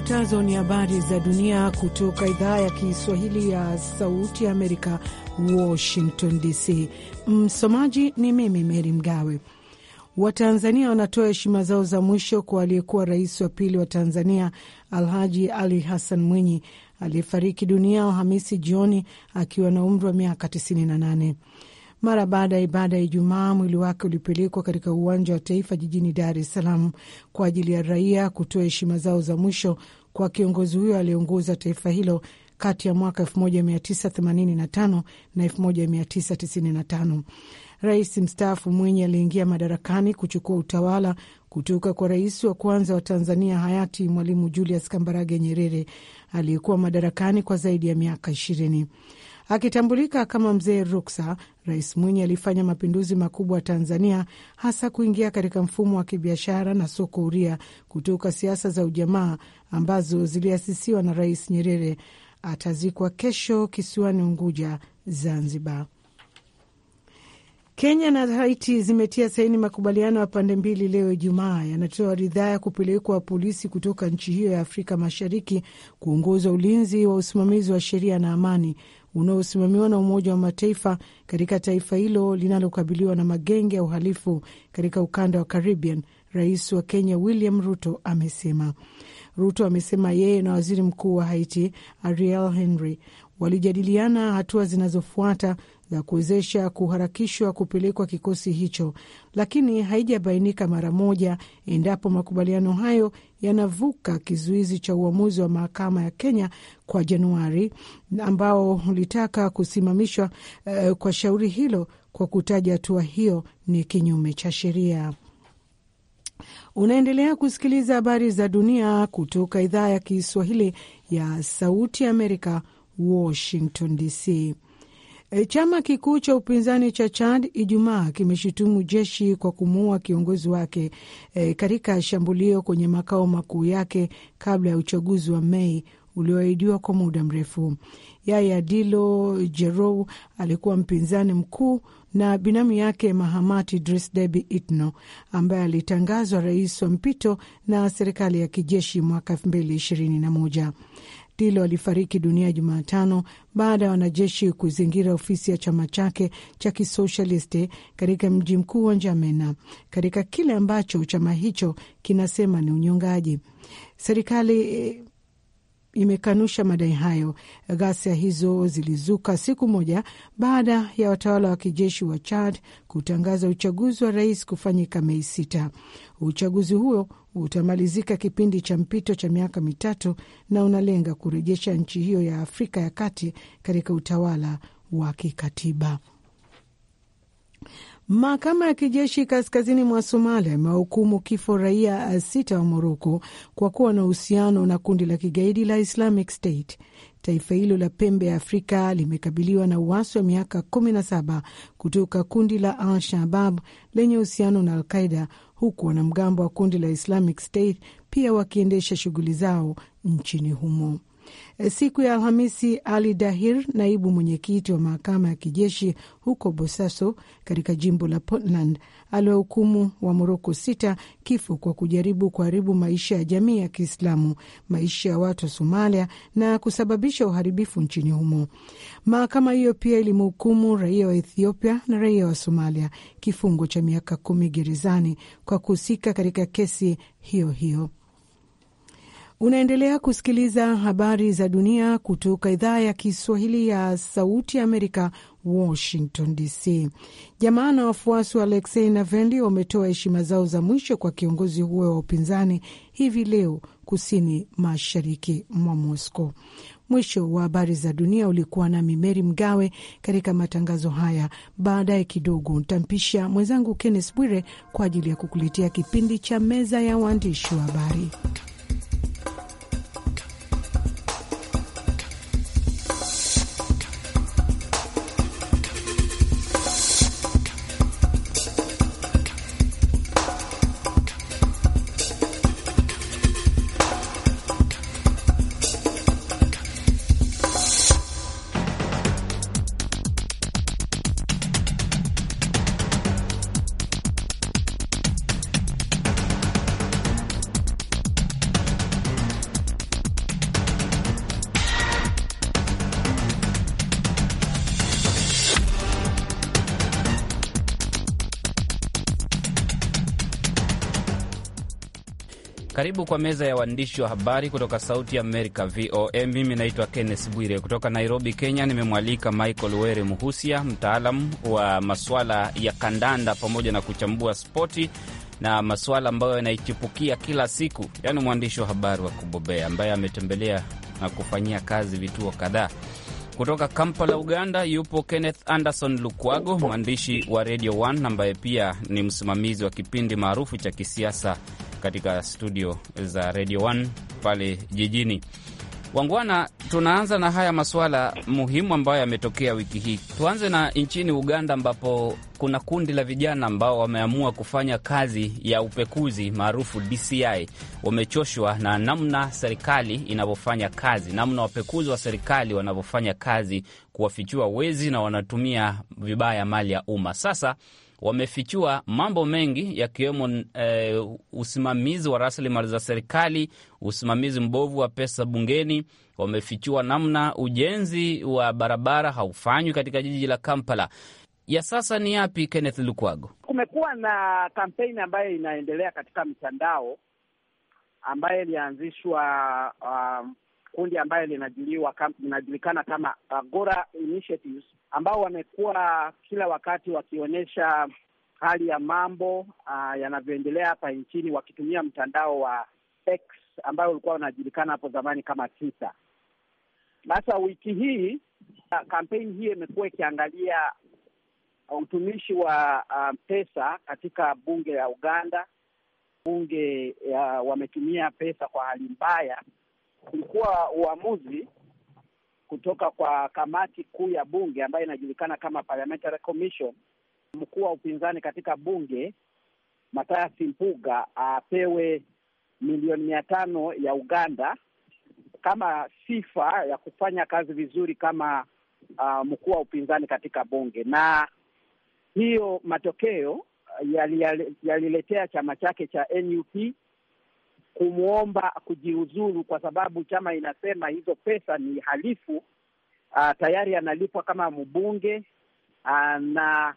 Zifuatazo ni habari za dunia kutoka idhaa ya Kiswahili ya Sauti ya Amerika, Washington DC. Msomaji ni mimi Meri Mgawe. Watanzania wanatoa heshima zao za mwisho kwa aliyekuwa rais wa pili wa Tanzania, Alhaji Ali Hassan Mwinyi, aliyefariki dunia Alhamisi jioni akiwa na umri wa miaka 98. Mara baada ya ibada ya Ijumaa, mwili wake ulipelekwa katika uwanja wa Taifa jijini Dar es Salaam kwa ajili ya raia kutoa heshima zao za mwisho kwa kiongozi huyo aliongoza taifa hilo kati ya mwaka 1985 na 1995. Rais mstaafu Mwinyi aliingia madarakani kuchukua utawala kutoka kwa rais wa kwanza wa Tanzania hayati Mwalimu Julius Kambarage Nyerere aliyekuwa madarakani kwa zaidi ya miaka ishirini. Akitambulika kama Mzee Ruksa, Rais Mwinyi alifanya mapinduzi makubwa Tanzania, hasa kuingia katika mfumo wa kibiashara na soko huria kutoka siasa za ujamaa ambazo ziliasisiwa na Rais Nyerere. Atazikwa kesho kisiwani Unguja, Zanzibar. Kenya na Haiti zimetia saini makubaliano ya pande mbili leo Ijumaa, yanatoa ridhaa ya kupelekwa polisi kutoka nchi hiyo ya Afrika Mashariki kuongoza ulinzi wa usimamizi wa sheria na amani unaosimamiwa na Umoja wa Mataifa katika taifa hilo linalokabiliwa na magenge ya uhalifu katika ukanda wa Caribbean. Rais wa Kenya William Ruto amesema. Ruto amesema yeye na waziri mkuu wa Haiti Ariel Henry walijadiliana hatua zinazofuata za kuwezesha kuharakishwa kupelekwa kikosi hicho, lakini haijabainika mara moja endapo makubaliano hayo yanavuka kizuizi cha uamuzi wa mahakama ya Kenya kwa Januari ambao ulitaka kusimamishwa uh, kwa shauri hilo kwa kutaja hatua hiyo ni kinyume cha sheria. Unaendelea kusikiliza habari za dunia kutoka idhaa ya Kiswahili ya Sauti Amerika, Washington DC. E, chama kikuu cha upinzani cha Chad Ijumaa kimeshutumu jeshi kwa kumuua kiongozi wake e, katika shambulio kwenye makao makuu yake kabla ya uchaguzi wa Mei ulioahidiwa kwa muda mrefu. Yaya Dilo Jerou alikuwa mpinzani mkuu na binamu yake mahamati Idris Deby Itno ambaye alitangazwa rais wa mpito na serikali ya kijeshi mwaka elfu mbili ishirini na moja. Dilo alifariki dunia Jumatano baada ya wanajeshi kuzingira ofisi ya chama chake cha kisosialisti katika mji mkuu wa Njamena, katika kile ambacho chama hicho kinasema ni unyongaji. Serikali eh, imekanusha madai hayo. Ghasia hizo zilizuka siku moja baada ya watawala wa kijeshi wa Chad kutangaza uchaguzi wa rais kufanyika Mei sita. Uchaguzi huo utamalizika kipindi cha mpito cha miaka mitatu na unalenga kurejesha nchi hiyo ya Afrika ya kati katika utawala wa kikatiba. Mahakama ya kijeshi kaskazini mwa Somalia imewahukumu kifo raia sita wa Moroko kwa kuwa na uhusiano na kundi la kigaidi la Islamic State. Taifa hilo la pembe ya Afrika limekabiliwa na uasi wa miaka 17 kutoka kundi la Al Shabab lenye uhusiano na Alqaida huku wanamgambo wa kundi la Islamic State pia wakiendesha shughuli zao nchini humo. Eh, siku ya Alhamisi, Ali Dahir, naibu mwenyekiti wa mahakama ya kijeshi huko Bosaso katika jimbo la Puntland, aliwahukumu wa Moroko sita kifo kwa kujaribu kuharibu maisha ya jamii ya Kiislamu, maisha ya watu wa Somalia na kusababisha uharibifu nchini humo. Mahakama hiyo pia ilimhukumu raia wa Ethiopia na raia wa Somalia kifungo cha miaka kumi gerezani kwa kuhusika katika kesi hiyo hiyo. Unaendelea kusikiliza habari za dunia kutoka idhaa ya Kiswahili ya Sauti ya Amerika, Washington DC. Jamaa na wafuasi wa aleksei Navalny wametoa heshima zao za mwisho kwa kiongozi huo wa upinzani hivi leo kusini mashariki mwa Moscow. Mwisho wa habari za dunia. Ulikuwa nami Meri Mgawe katika matangazo haya. Baadaye kidogo ntampisha mwenzangu Kennes Bwire kwa ajili ya kukuletea kipindi cha Meza ya Waandishi wa Habari. Karibu kwa meza ya waandishi wa habari kutoka Sauti Amerika, VOA. Mimi naitwa Kenneth Bwire kutoka Nairobi, Kenya. Nimemwalika Michael Were Muhusia, mtaalam wa maswala ya kandanda pamoja na kuchambua spoti na maswala ambayo yanaichipukia kila siku, yaani mwandishi wa habari wa kubobea ambaye ametembelea na kufanyia kazi vituo kadhaa. Kutoka Kampala, Uganda, yupo Kenneth Anderson Lukwago, mwandishi wa Radio 1 ambaye pia ni msimamizi wa kipindi maarufu cha kisiasa katika studio za Radio 1 pale jijini. Wangwana, tunaanza na haya masuala muhimu ambayo yametokea wiki hii. Tuanze na nchini Uganda, ambapo kuna kundi la vijana ambao wameamua kufanya kazi ya upekuzi maarufu DCI. Wamechoshwa na namna serikali inavyofanya kazi, namna wapekuzi wa serikali wanavyofanya kazi, kuwafichua wezi na wanatumia vibaya mali ya umma. Sasa wamefichua mambo mengi yakiwemo eh, usimamizi wa rasilimali za serikali, usimamizi mbovu wa pesa bungeni. Wamefichua namna ujenzi wa barabara haufanywi katika jiji la Kampala. Ya sasa ni yapi, Kenneth Lukwago? Kumekuwa na kampeni ambayo inaendelea katika mtandao ambayo ilianzishwa um, kundi ambayo linajulikana kama Agora uh, Initiatives ambao wamekuwa kila wakati wakionyesha hali ya mambo ah, yanavyoendelea hapa nchini wakitumia mtandao wa X ambayo ulikuwa unajulikana hapo zamani kama Twitter. Sasa wiki hii kampeni ah, hii imekuwa ikiangalia utumishi wa uh, pesa katika bunge la Uganda. Bunge uh, wametumia pesa kwa hali mbaya. ulikuwa uamuzi kutoka kwa kamati kuu ya bunge ambayo inajulikana kama Parliamentary Commission. Mkuu wa upinzani katika bunge Mathias Mpuga apewe milioni mia tano ya Uganda kama sifa ya kufanya kazi vizuri kama uh, mkuu wa upinzani katika bunge, na hiyo matokeo yaliletea yali chama chake cha NUP kumwomba kujiuzulu kwa sababu chama inasema hizo pesa ni halifu. Uh, tayari analipwa kama mbunge uh, na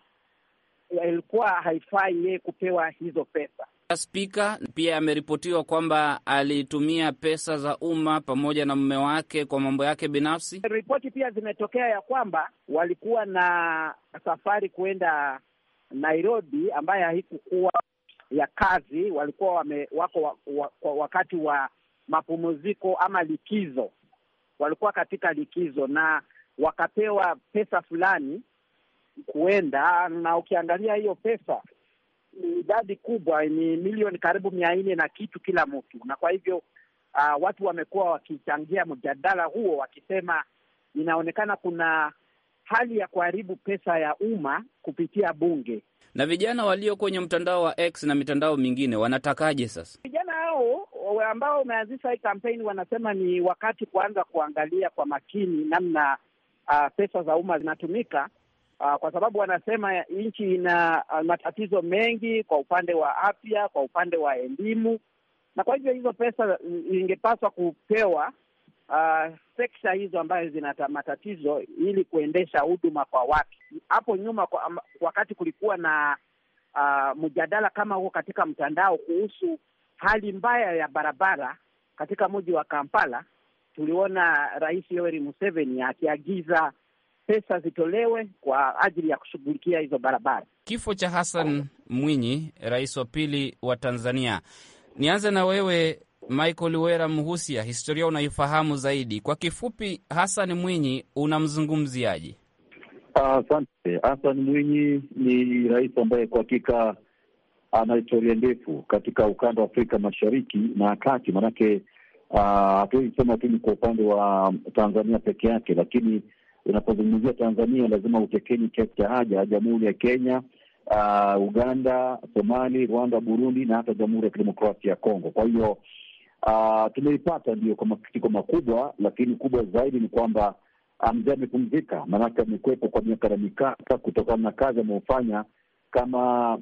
ilikuwa haifai yeye kupewa hizo pesa. Spika pia ameripotiwa kwamba alitumia pesa za umma pamoja na mume wake kwa mambo yake binafsi. Ripoti pia zimetokea ya kwamba walikuwa na safari kuenda Nairobi ambaye haikukuwa ya kazi walikuwa wame, wako wa, wa, wakati wa mapumziko ama likizo, walikuwa katika likizo na wakapewa pesa fulani kuenda, na ukiangalia hiyo pesa ni idadi kubwa, ni milioni karibu mia nne na kitu kila mtu, na kwa hivyo uh, watu wamekuwa wakichangia mjadala huo wakisema, inaonekana kuna hali ya kuharibu pesa ya umma kupitia bunge. Na vijana walio kwenye mtandao wa X na mitandao mingine wanatakaje sasa? Vijana hao ambao wameanzisha hii kampeni wanasema ni wakati kuanza kuangalia kwa makini namna uh, pesa za umma zinatumika, uh, kwa sababu wanasema nchi ina uh, matatizo mengi kwa upande wa afya, kwa upande wa elimu, na kwa hivyo hizo pesa zingepaswa kupewa uh, sekta hizo ambazo zina matatizo ili kuendesha huduma kwa watu. Hapo nyuma kwa, um, wakati kulikuwa na uh, mjadala kama huo katika mtandao kuhusu hali mbaya ya barabara katika mji wa Kampala, tuliona Rais Yoweri Museveni akiagiza pesa zitolewe kwa ajili ya kushughulikia hizo barabara. Kifo cha Hassan Mwinyi, rais wa pili wa Tanzania. Nianze na wewe Michael Wera Mhusia, historia unaifahamu zaidi. Kwa kifupi, Hassan Mwinyi unamzungumziaje? Asante. Uh, Hassan Mwinyi ni rais ambaye kwa hakika ana historia ndefu katika ukanda wa Afrika Mashariki na Kati, maanake ah, hatuwezi uh, sema tu ni kwa upande wa Tanzania peke yake, lakini unapozungumzia Tanzania lazima utekeni kiasi cha haja Jamhuri ya Kenya, uh, Uganda, Somali, Rwanda, Burundi na hata Jamhuri ya Kidemokrasia ya Kongo. Kwa hiyo uh, tumeipata ndio kwa masikitiko makubwa, lakini kubwa zaidi ni kwamba ah, mzee amepumzika, maanake amekuwepo kwa miaka na mikaka kutokana na kazi ameofanya kama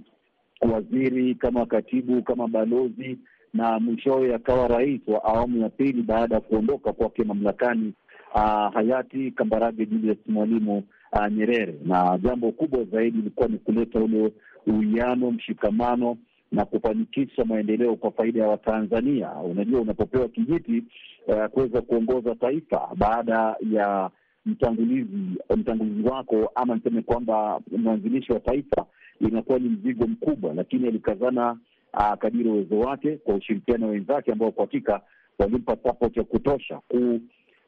waziri, kama katibu, kama balozi na mwishowe akawa rais wa awamu ya pili baada ya kuondoka kwake mamlakani uh, hayati Kambarage Julius Mwalimu uh, Nyerere. Na jambo kubwa zaidi ilikuwa ni kuleta ule uwiano, mshikamano na kufanikisha maendeleo kwa faida ya Watanzania. Unajua, unapopewa kijiti uh, kuweza kuongoza taifa baada ya mtangulizi mtangulizi wako ama niseme kwamba mwanzilishi wa taifa, inakuwa ni mzigo mkubwa, lakini alikazana uh, kadiri uwezo wake kwa ushirikiano wenzake ambao kwa hakika walimpa support ya kutosha. Ku,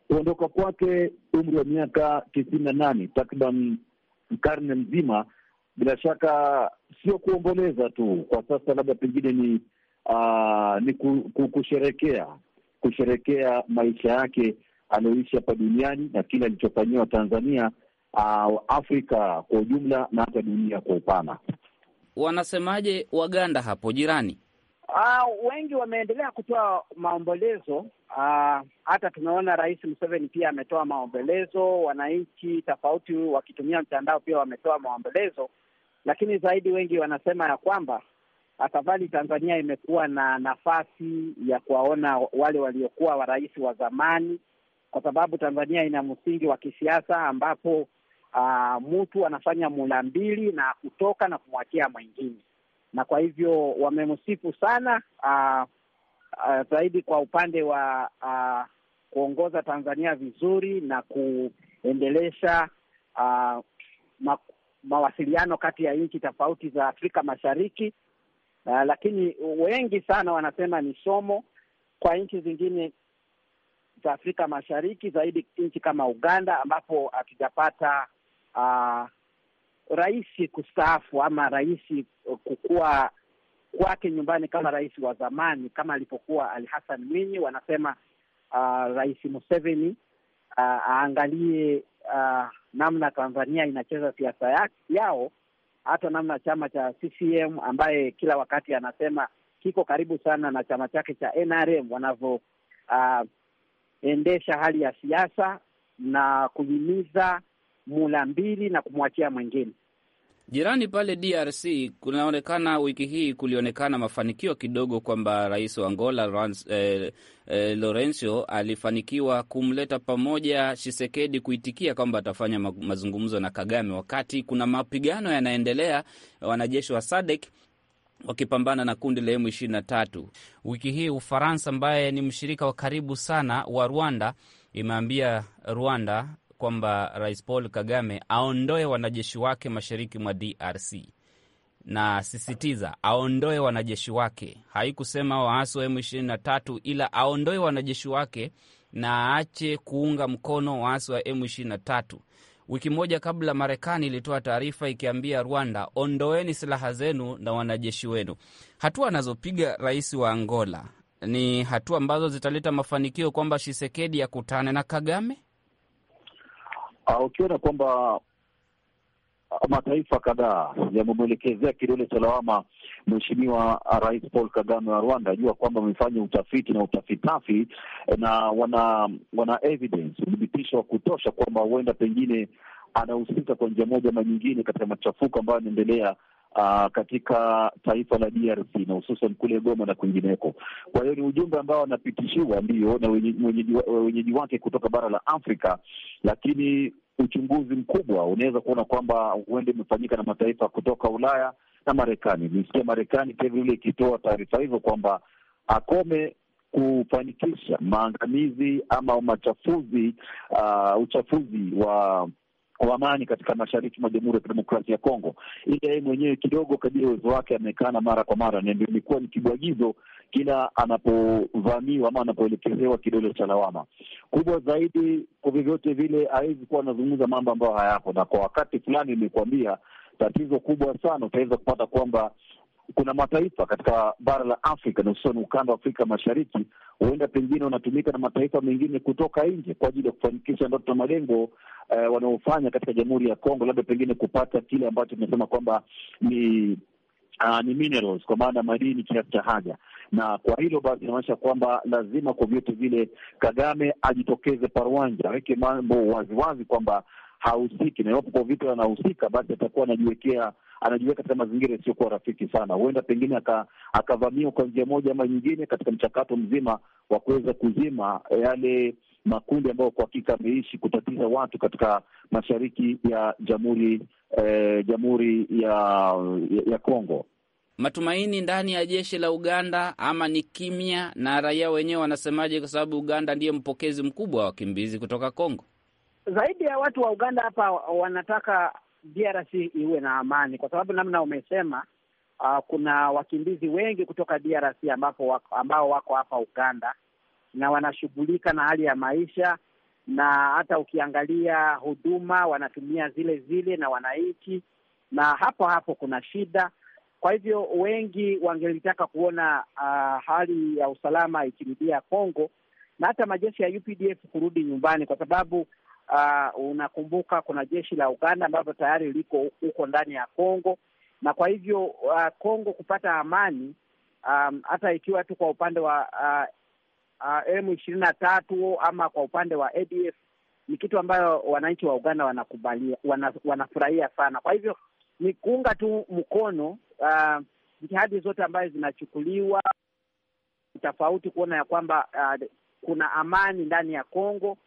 kuondoka kwake umri wa miaka tisini na nane takriban karne mzima bila shaka sio kuomboleza tu kwa sasa, labda pengine ni uh, ni kusherekea kusherekea maisha yake aliyoishi hapa duniani na kile alichofanyiwa Tanzania, uh, Afrika kwa ujumla na hata dunia kwa upana. Wanasemaje Waganda hapo jirani? Uh, wengi wameendelea kutoa maombolezo uh, hata tumeona Rais Museveni pia ametoa maombolezo. Wananchi tofauti wakitumia mtandao pia wametoa maombolezo lakini zaidi wengi wanasema ya kwamba afadhali Tanzania imekuwa na nafasi ya kuwaona wale waliokuwa warais wa zamani, kwa sababu Tanzania ina msingi wa kisiasa ambapo Uh, mtu anafanya mula mbili na kutoka na kumwachia mwingine, na kwa hivyo wamemsifu sana uh, uh, zaidi kwa upande wa uh, kuongoza Tanzania vizuri na kuendelesha uh, mawasiliano kati ya nchi tofauti za Afrika Mashariki. Uh, lakini wengi sana wanasema ni somo kwa nchi zingine za Afrika Mashariki, zaidi nchi kama Uganda ambapo hatujapata uh, rais kustaafu ama rais kukua kwake nyumbani kama rais wa zamani kama alipokuwa Ali Hassan Mwinyi. Wanasema uh, Rais Museveni uh, aangalie uh, namna Tanzania inacheza siasa yao hata namna chama cha CCM ambaye kila wakati anasema kiko karibu sana na chama chake cha NRM wanavyoendesha ah, uh, hali ya siasa na kuhimiza mula mbili na kumwachia mwingine. Jirani pale DRC kunaonekana wiki hii kulionekana mafanikio kidogo, kwamba rais wa Angola Rans, eh, eh, Lorenzo alifanikiwa kumleta pamoja Shisekedi kuitikia kwamba atafanya mazungumzo na Kagame, wakati kuna mapigano yanaendelea, wanajeshi wa SADEK wakipambana na kundi la emu ishirini na tatu. Wiki hii Ufaransa ambaye ni mshirika wa karibu sana wa Rwanda imeambia Rwanda kwamba Rais Paul Kagame aondoe wanajeshi wake mashariki mwa DRC na sisitiza aondoe wanajeshi wake. Haikusema waasi wa M23, ila aondoe wanajeshi wake na aache kuunga mkono waasi wa M23. Wiki moja kabla, Marekani ilitoa taarifa ikiambia Rwanda, ondoeni silaha zenu na wanajeshi wenu. Hatua anazopiga rais wa Angola ni hatua ambazo zitaleta mafanikio kwamba Shisekedi akutane na Kagame. Ah, ukiona kwamba ah, mataifa kadhaa yamemwelekezea kidole cha lawama Mheshimiwa ah, Rais Paul Kagame wa Rwanda, jua kwamba wamefanya utafiti na utafitafi eh, na wana wana evidence, uthibitisho wa kutosha kwamba huenda pengine anahusika kwa njia moja ama nyingine katika machafuko ambayo yanaendelea uh, katika taifa la DRC na hususan kule Goma na kwingineko. Kwa hiyo ni ujumbe ambao anapitishiwa ndio na wenyeji wenyeji wake kutoka bara la Afrika, lakini uchunguzi mkubwa unaweza kuona kwamba huende imefanyika na mataifa kutoka Ulaya na Marekani. Nisikia Marekani pia vilevile ikitoa taarifa hizo kwamba akome kufanikisha maangamizi ama machafuzi uh, uchafuzi wa wa amani katika mashariki mwa Jamhuri ya Kidemokrasia ya Kongo, ili yeye mwenyewe kidogo kadiri uwezo wake amekana mara kwa mara, na ndio imekuwa ni kibwagizo kila anapovamiwa ama anapoelekezewa kidole cha lawama kubwa zaidi. Kwa vyovyote vile hawezi kuwa anazungumza mambo ambayo hayako, na kwa wakati fulani imekuambia tatizo kubwa sana utaweza kupata kwamba kuna mataifa katika bara la Afrika na hususani ukanda wa Afrika Mashariki, huenda pengine wanatumika na mataifa mengine kutoka nje kwa ajili ya kufanikisha ndoto na malengo eh, wanaofanya katika Jamhuri ya Kongo, labda pengine kupata kile ambacho tunasema kwamba ni Uh, ni minerals kwa maana madini kiasi cha haja, na kwa hilo basi inaonyesha kwamba lazima kwa vyote vile Kagame ajitokeze paruanja, aweke mambo waziwazi kwamba hahusiki, na iwapo kwa anahusika, basi atakuwa anajiwekea anajiweka katika mazingira yasiyokuwa rafiki sana. Huenda pengine akavamiwa kwa njia moja ama nyingine katika mchakato mzima wa kuweza kuzima yale makundi ambayo kwa hakika ameishi kutatiza watu katika mashariki ya jamhuri eh, jamhuri ya ya Kongo. Matumaini ndani ya jeshi la Uganda ama ni kimya, na raia wenyewe wanasemaje? Kwa sababu Uganda ndiye mpokezi mkubwa wa wakimbizi kutoka Kongo zaidi ya watu wa Uganda hapa wanataka DRC iwe na amani, kwa sababu namna umesema, uh, kuna wakimbizi wengi kutoka DRC ambapo wako, ambao wako hapa Uganda na wanashughulika na hali ya maisha, na hata ukiangalia huduma wanatumia zile zile na wananchi, na hapo hapo kuna shida. Kwa hivyo wengi wangelitaka kuona uh, hali ya usalama ikirudia Kongo na hata majeshi ya UPDF kurudi nyumbani, kwa sababu Uh, unakumbuka kuna jeshi la Uganda ambalo tayari liko huko ndani ya Kongo, na kwa hivyo uh, Kongo kupata amani um, hata ikiwa tu kwa upande wa uh, uh, M ishirini na tatu ama kwa upande wa ADF ni kitu ambayo wananchi wa Uganda wanakubalia, wana, wanafurahia sana. Kwa hivyo ni kuunga tu mkono uh, jitihadi uh, zote ambazo zinachukuliwa tofauti kuona ya kwamba uh, kuna amani ndani ya Kongo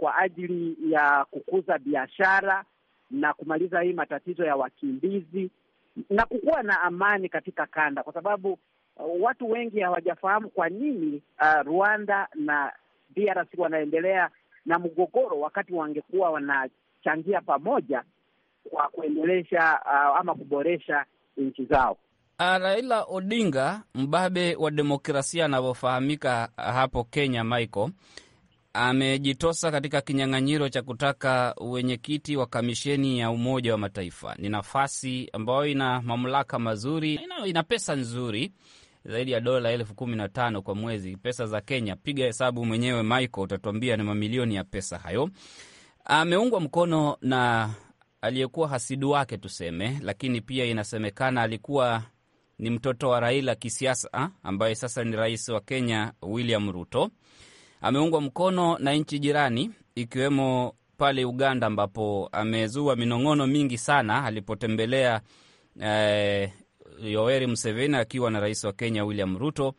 kwa ajili ya kukuza biashara na kumaliza hii matatizo ya wakimbizi na kukuwa na amani katika kanda, kwa sababu uh, watu wengi hawajafahamu kwa nini uh, Rwanda na DRC wanaendelea na mgogoro, wakati wangekuwa wanachangia pamoja kwa kuendelesha uh, ama kuboresha nchi zao. Uh, Raila Odinga, mbabe wa demokrasia anavyofahamika hapo Kenya, Michael amejitosa katika kinyang'anyiro cha kutaka uwenyekiti wa kamisheni ya Umoja wa Mataifa. Ni nafasi ambayo ina mamlaka mazuri, ina, ina pesa nzuri zaidi ya dola elfu kumi na tano kwa mwezi, pesa za Kenya. Piga hesabu mwenyewe Michael, utatuambia ni mamilioni ya pesa hayo. Ameungwa mkono na aliyekuwa hasidu wake tuseme, lakini pia inasemekana alikuwa ni mtoto wa Raila kisiasa, ambaye sasa ni rais wa Kenya William Ruto ameungwa mkono na nchi jirani ikiwemo pale Uganda ambapo amezua minong'ono mingi sana alipotembelea eh, Yoweri Museveni akiwa na rais wa Kenya William Ruto.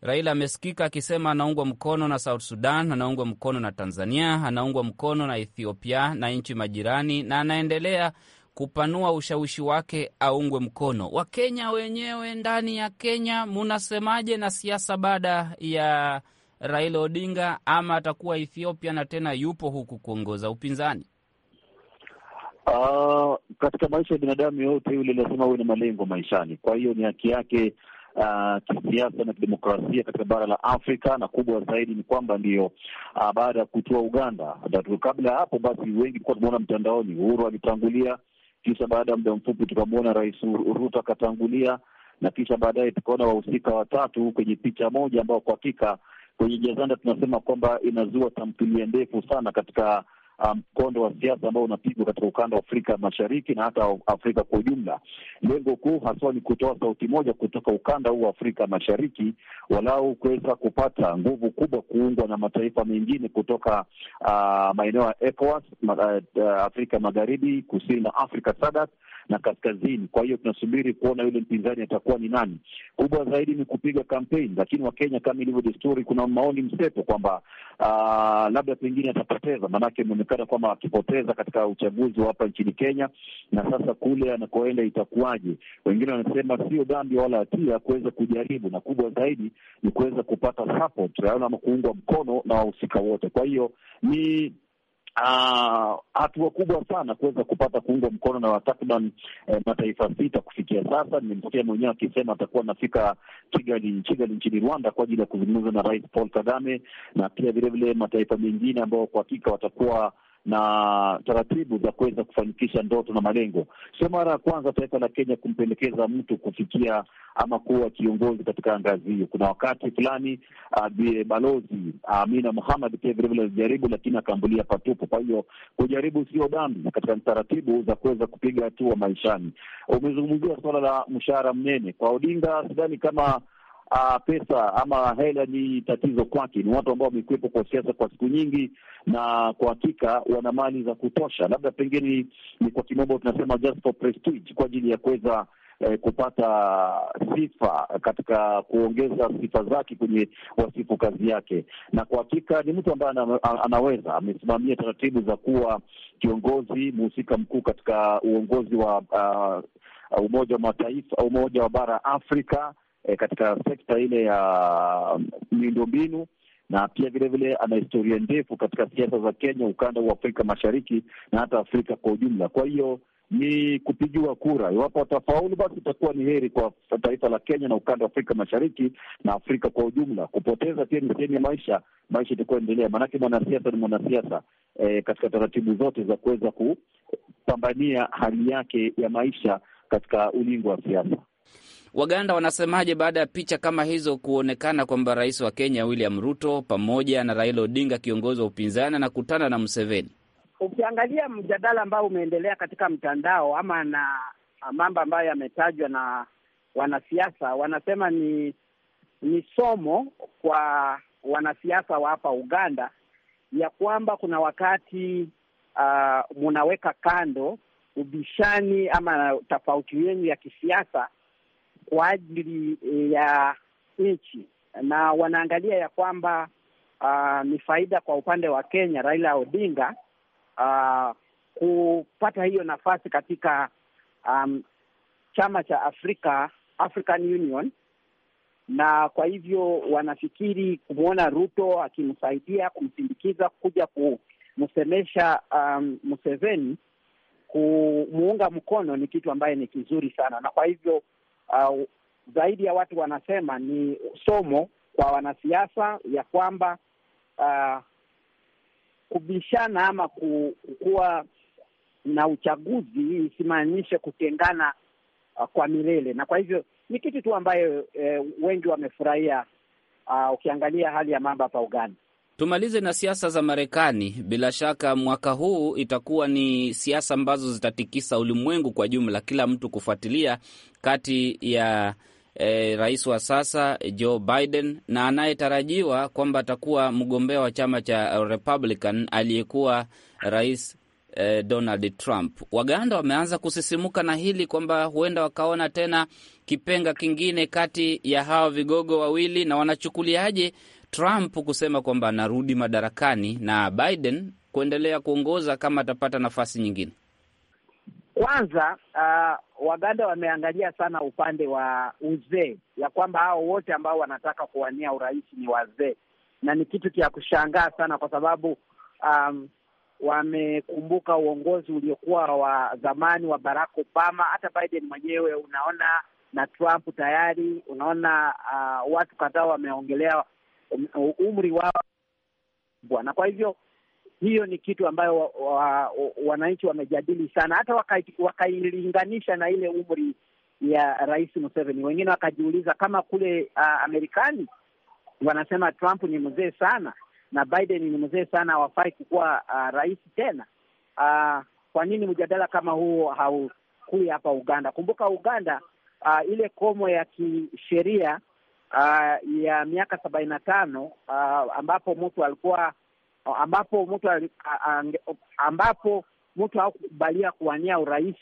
Raila amesikika akisema anaungwa mkono na South Sudan, anaungwa mkono na Tanzania, anaungwa mkono na Ethiopia na nchi majirani, na anaendelea kupanua ushawishi wake aungwe mkono. Wakenya wenyewe ndani ya Kenya munasemaje na siasa baada ya Raila Odinga ama atakuwa Ethiopia na tena yupo huku kuongoza upinzani? Uh, katika maisha ya binadamu yote yule lazima huwe na malengo maishani. Kwa hiyo ni haki yake Uh, kisiasa na kidemokrasia katika bara la Afrika na kubwa zaidi ni kwamba ndio uh, baada ya kutua Uganda. Kabla ya hapo basi, wengi tulikuwa tumeona mtandaoni, Uhuru alitangulia, kisha baada ya muda mfupi tukamwona Rais Ruto akatangulia, na kisha baadaye tukaona wahusika watatu kwenye picha moja ambao kwa hakika kwenye jazanda tunasema kwamba inazua tamthilia ndefu sana katika Um, mkondo um, wa siasa ambao unapigwa katika ukanda wa Afrika Mashariki na hata Afrika kwa ujumla. Lengo kuu haswa ni kutoa sauti moja kutoka ukanda huu wa Afrika Mashariki, walau kuweza kupata nguvu kubwa kuungwa na mataifa mengine kutoka uh, maeneo ya ECOWAS, uh, uh, Afrika Magharibi, kusini na Afrika SADC na kaskazini. Kwa hiyo tunasubiri kuona yule mpinzani atakuwa ni nani. Kubwa zaidi ni kupiga kampeni, lakini Wakenya kama ilivyo desturi, kuna maoni mseto kwamba uh, labda pengine atapoteza, maanake anajulikana kwamba akipoteza katika uchaguzi wa hapa nchini Kenya, na sasa kule anakoenda itakuwaje? Wengine wanasema sio dhambi wala hatia kuweza kujaribu, na kubwa zaidi ni kuweza kupata support eh, ama kuungwa mkono na wahusika wote. Kwa hiyo ni uh, hatua kubwa sana kuweza kupata kuungwa mkono na takriban eh, mataifa sita kufikia sasa. Nimemsikia mwenyewe akisema atakuwa anafika Kigali, Kigali nchini Rwanda kwa ajili ya kuzungumza na Rais Paul Kagame na pia vilevile mataifa mengine ambao kwa hakika watakuwa na taratibu za kuweza kufanikisha ndoto na malengo. Sio mara ya kwanza taifa la Kenya kumpendekeza mtu kufikia ama kuwa kiongozi katika ngazi hiyo. Kuna wakati fulani uh, balozi ah, Amina uh, Muhammad pia vilevile alijaribu, lakini akaambulia patupu. Kwa hiyo kujaribu sio dhambi, na katika taratibu za kuweza kupiga hatua maishani. Umezungumzia suala la mshahara mnene kwa Odinga, sidhani kama uh, pesa ama hela ni tatizo kwake. Ni watu ambao wamekuwepo kwa siasa kwa siku nyingi, na kwa hakika wana mali za kutosha, labda pengine ni kwa kimombo tunasema just for prestige, kwa ajili ya kuweza eh, kupata sifa katika kuongeza sifa zake kwenye wasifu kazi yake. Na kwa hakika ni mtu ambaye anaweza amesimamia taratibu za kuwa kiongozi mhusika mkuu katika uongozi wa uh, Umoja wa Mataifa, Umoja wa bara Afrika eh, katika sekta ile ya um, miundombinu na pia vilevile ana historia ndefu katika siasa za Kenya, ukanda wa Afrika Mashariki na hata Afrika kwa ujumla. Kwa hiyo ni kupigiwa kura. Iwapo watafaulu, basi itakuwa ni heri kwa taifa la Kenya na ukanda wa Afrika Mashariki na Afrika kwa ujumla. Kupoteza pia ni sehemu ya maisha, maisha itakuwa endelea, maanake mwanasiasa ni mwanasiasa e, katika taratibu zote za kuweza kupambania hali yake ya maisha katika ulingo wa siasa. Waganda wanasemaje baada ya picha kama hizo kuonekana kwamba rais wa Kenya William Ruto pamoja na Raila Odinga, kiongozi wa upinzani, anakutana na Museveni? Ukiangalia mjadala ambao umeendelea katika mtandao ama na mambo ambayo yametajwa na wanasiasa, wanasema ni ni somo kwa wanasiasa wa hapa Uganda ya kwamba kuna wakati uh, munaweka kando ubishani ama tofauti yenu ya kisiasa kwa ajili eh, ya nchi, na wanaangalia ya kwamba uh, ni faida kwa upande wa Kenya, Raila Odinga uh, kupata hiyo nafasi katika um, chama cha Afrika African Union, na kwa hivyo wanafikiri kumwona Ruto akimsaidia kumsindikiza kuja kumsemesha um, Museveni, kumuunga mkono ni kitu ambaye ni kizuri sana, na kwa hivyo uh, zaidi ya watu wanasema ni somo kwa wanasiasa ya kwamba uh, kubishana ama kuwa na uchaguzi isimaanishe kutengana uh, kwa milele, na kwa hivyo ni kitu tu ambayo uh, wengi wamefurahia. Uh, ukiangalia hali ya mambo hapa Uganda Tumalize na siasa za Marekani. Bila shaka mwaka huu itakuwa ni siasa ambazo zitatikisa ulimwengu kwa jumla, kila mtu kufuatilia, kati ya e, rais wa sasa Joe Biden na anayetarajiwa kwamba atakuwa mgombea wa chama cha Republican aliyekuwa rais e, Donald Trump. Waganda wameanza kusisimuka na hili kwamba huenda wakaona tena kipenga kingine kati ya hawa vigogo wawili, na wanachukuliaje Trump kusema kwamba anarudi madarakani na Biden kuendelea kuongoza kama atapata nafasi nyingine? Kwanza uh, Waganda wameangalia sana upande wa uzee, ya kwamba hao wote ambao wanataka kuwania urais ni wazee, na ni kitu cha kushangaa sana kwa sababu um, wamekumbuka uongozi uliokuwa wa zamani wa Barack Obama, hata Biden mwenyewe unaona, na Trump tayari unaona, uh, watu kadhaa wameongelea Um, umri wao, na kwa hivyo hiyo ni kitu ambayo wa, wa, wananchi wamejadili sana, hata wakailinganisha waka na ile umri ya Rais Museveni. Wengine wakajiuliza kama kule uh, Amerikani wanasema Trump ni mzee sana na Biden ni mzee sana, hawafai kukuwa uh, rais tena. Uh, kwa nini mjadala kama huo haukui hapa Uganda? Kumbuka Uganda, uh, ile komo ya kisheria uh, ya miaka sabini na tano uh, ambapo mtu alikuwa ambapo mtu ambapo mtu hakukubalia kuwania urais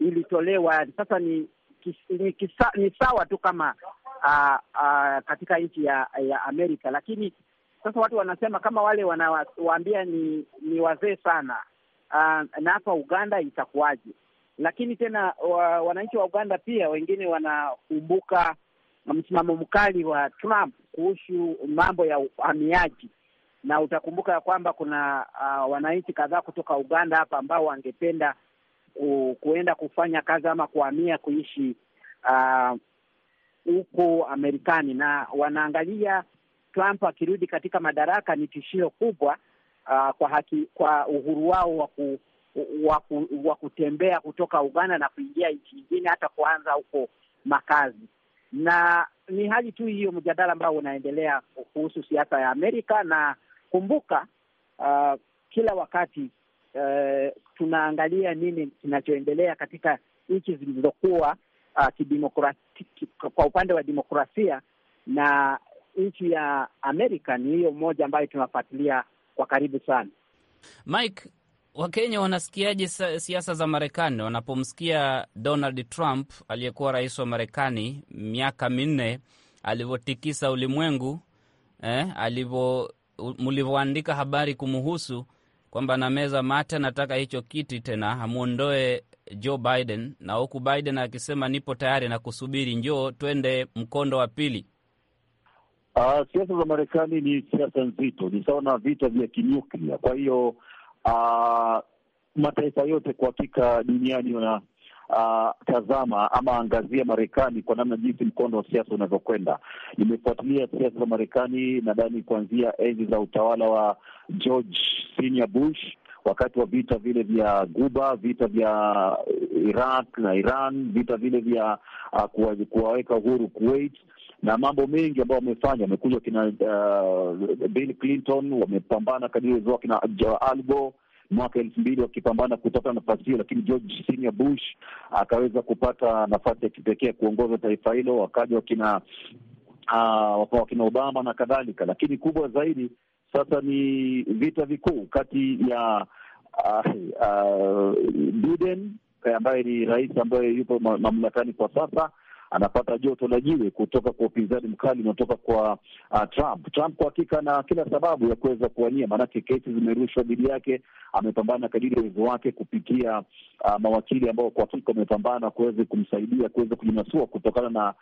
ilitolewa. Sasa ni ni, kisa, ni sawa tu kama uh, uh, katika nchi ya, ya Amerika, lakini sasa watu wanasema kama wale wanawaambia ni ni wazee sana uh, na hapa Uganda itakuwaje? Lakini tena wa, wananchi wa Uganda pia wengine wanakumbuka msimamo mkali wa Trump kuhusu mambo ya uhamiaji, na utakumbuka ya kwamba kuna uh, wananchi kadhaa kutoka Uganda hapa ambao wangependa ku, kuenda kufanya kazi ama kuhamia kuishi uh, huko uh, Amerikani, na wanaangalia Trump akirudi katika madaraka ni tishio kubwa uh, kwa haki, kwa uhuru wao wa ku wa kutembea kutoka Uganda na kuingia nchi nyingine hata kuanza huko makazi na ni hali tu hiyo, mjadala ambao unaendelea kuhusu siasa ya Amerika. Na kumbuka, uh, kila wakati uh, tunaangalia nini kinachoendelea katika nchi zilizokuwa uh, kidemokrati kwa upande wa demokrasia, na nchi ya Amerika ni hiyo moja ambayo tunafuatilia kwa karibu sana, Mike. Wakenya wanasikiaje siasa za Marekani wanapomsikia Donald Trump aliyekuwa rais wa Marekani miaka minne alivyotikisa ulimwengu eh, mlivyoandika habari kumuhusu kwamba na meza mate, nataka hicho kiti tena, amwondoe Joe Biden, na huku Biden akisema nipo tayari na kusubiri, njoo twende mkondo wa pili. Uh, siasa za Marekani ni siasa nzito, ni sawa na vita vya kinyuklia. Kwa hiyo uh, mataifa yote kwa hakika duniani wana Uh, tazama ama angazia Marekani kwa namna jinsi mkondo wa siasa unavyokwenda. Nimefuatilia siasa za Marekani nadhani kuanzia enzi za utawala wa George Senior Bush wakati wa vita vile vya Guba, vita vya Iraq na Iran, vita vile vya uh, kuwaweka uhuru Kuwait, na mambo mengi ambayo wamefanya. Wamekuja kina uh, Bill Clinton, wamepambana kadirizoa kina Al Gore mwaka elfu mbili wakipambana kutafuta nafasi hiyo, lakini George Senior Bush akaweza kupata nafasi ya kipekee kuongoza taifa hilo. Wakaja wakina uh, wakina Obama na kadhalika, lakini kubwa zaidi sasa ni vita vikuu kati ya uh, uh, Biden ambaye ni rais ambaye yupo mamlakani kwa sasa anapata joto la jiwe kutoka kwa upinzani mkali unaotoka kwa uh, Trump. Trump kwa hakika ana kila sababu ya kuweza kuwania, maanake kesi zimerushwa dhidi yake, amepambana kadiri ya uwezo wake kupitia uh, mawakili ambao kwa hakika wamepambana kuweza kumsaidia kuweza kujinasua kutokana na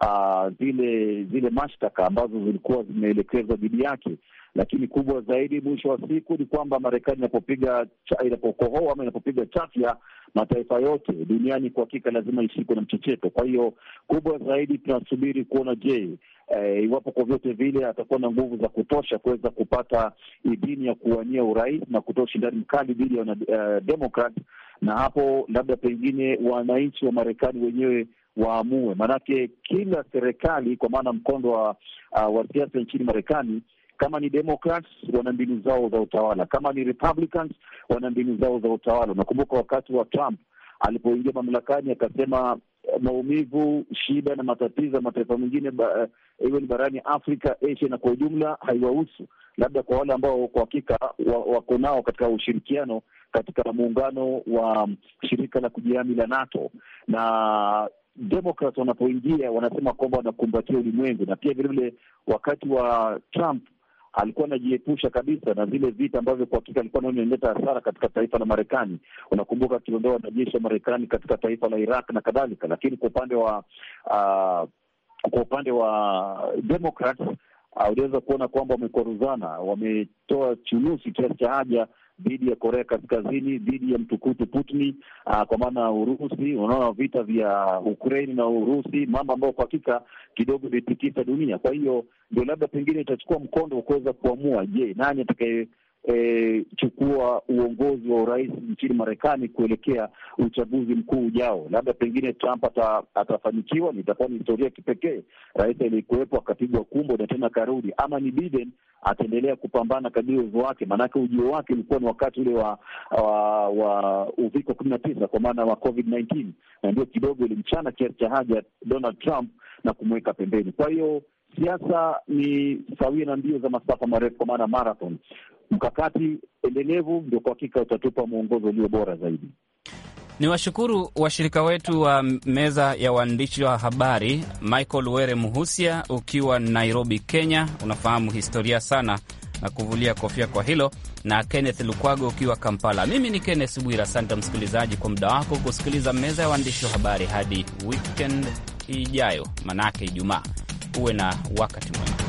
Ah, zile zile mashtaka ambazo zilikuwa zimeelekezwa dhidi yake. Lakini kubwa zaidi, mwisho wa siku ni kwamba Marekani inapopiga inapokohoa ama inapopiga chafya mataifa yote duniani, kwa hakika lazima ishikwe na mchecheto. Kwa hiyo kubwa zaidi tunasubiri kuona, je, eh, iwapo kwa vyote vile atakuwa na nguvu za kutosha kuweza kupata idhini ya kuwania urais na kutoa ushindani mkali dhidi ya wanademokrat, eh, uh, na hapo labda pengine wananchi wa Marekani wenyewe waamue, maanake kila serikali kwa maana mkondo wa uh, wa siasa nchini Marekani kama ni Democrats wana mbinu zao za utawala, kama ni Republicans wana mbinu zao za utawala. Unakumbuka wakati wa Trump alipoingia mamlakani akasema eh, maumivu, shida na matatizo ya mataifa mengine ba, eh, iwe ni barani Afrika, Asia na kwa ujumla haiwahusu, labda kwa wale ambao kwa hakika wako wa nao katika ushirikiano katika muungano wa mm, shirika la kujihami la NATO. Na demokrat wanapoingia wanasema kwamba wanakumbatia ulimwengu, na pia vilevile wakati wa Trump alikuwa anajiepusha kabisa na vile vita ambavyo kwa hakika alikuwa naona inaleta hasara katika taifa la Marekani. Unakumbuka akiondoa wanajeshi wa Marekani katika taifa la Iraq na kadhalika. Lakini kwa upande wa uh, kwa upande wa Democrats uh, uliweza kuona kwamba wamekwaruzana, wametoa chunusi kiasi cha haja dhidi ya Korea Kaskazini, dhidi ya mtukutu putni uh, ah, kwa maana Urusi. Unaona vita vya Ukraini na Urusi, mambo ambayo kwa hakika kidogo vitikisa dunia. Kwa hiyo ndio labda pengine itachukua mkondo wa kuweza kuamua, je, nani atakaye e, chukua uongozi wa urais nchini Marekani kuelekea uchaguzi mkuu ujao. Labda pengine Trump ata, atafanikiwa, nitakuwa ni historia kipekee, rais aliyekuwepo akapigwa kumbo na tena karudi, ama ni Biden ataendelea kupambana kadiri uwezo wake, maanake ujio wake ulikuwa ni wakati ule wa wa, wa uviko kumi na tisa kwa maana wa covid na ndio kidogo ilimchana kiasi cha haja Donald Trump na kumweka pembeni. Kwa hiyo siasa ni sawia na mbio za masafa marefu, kwa maana marathon mkakati endelevu, ndio kwa hakika utatupa mwongozo ulio bora zaidi. Ni washukuru washirika wetu wa meza ya waandishi wa habari, Michael Were Muhusia, ukiwa Nairobi, Kenya, unafahamu historia sana na kuvulia kofia kwa hilo, na Kenneth Lukwago ukiwa Kampala. Mimi ni Kenneth Bwira. Asante msikilizaji kwa muda wako kusikiliza meza ya waandishi wa habari. Hadi wikend ijayo, manake Ijumaa. Uwe na wakati mwema.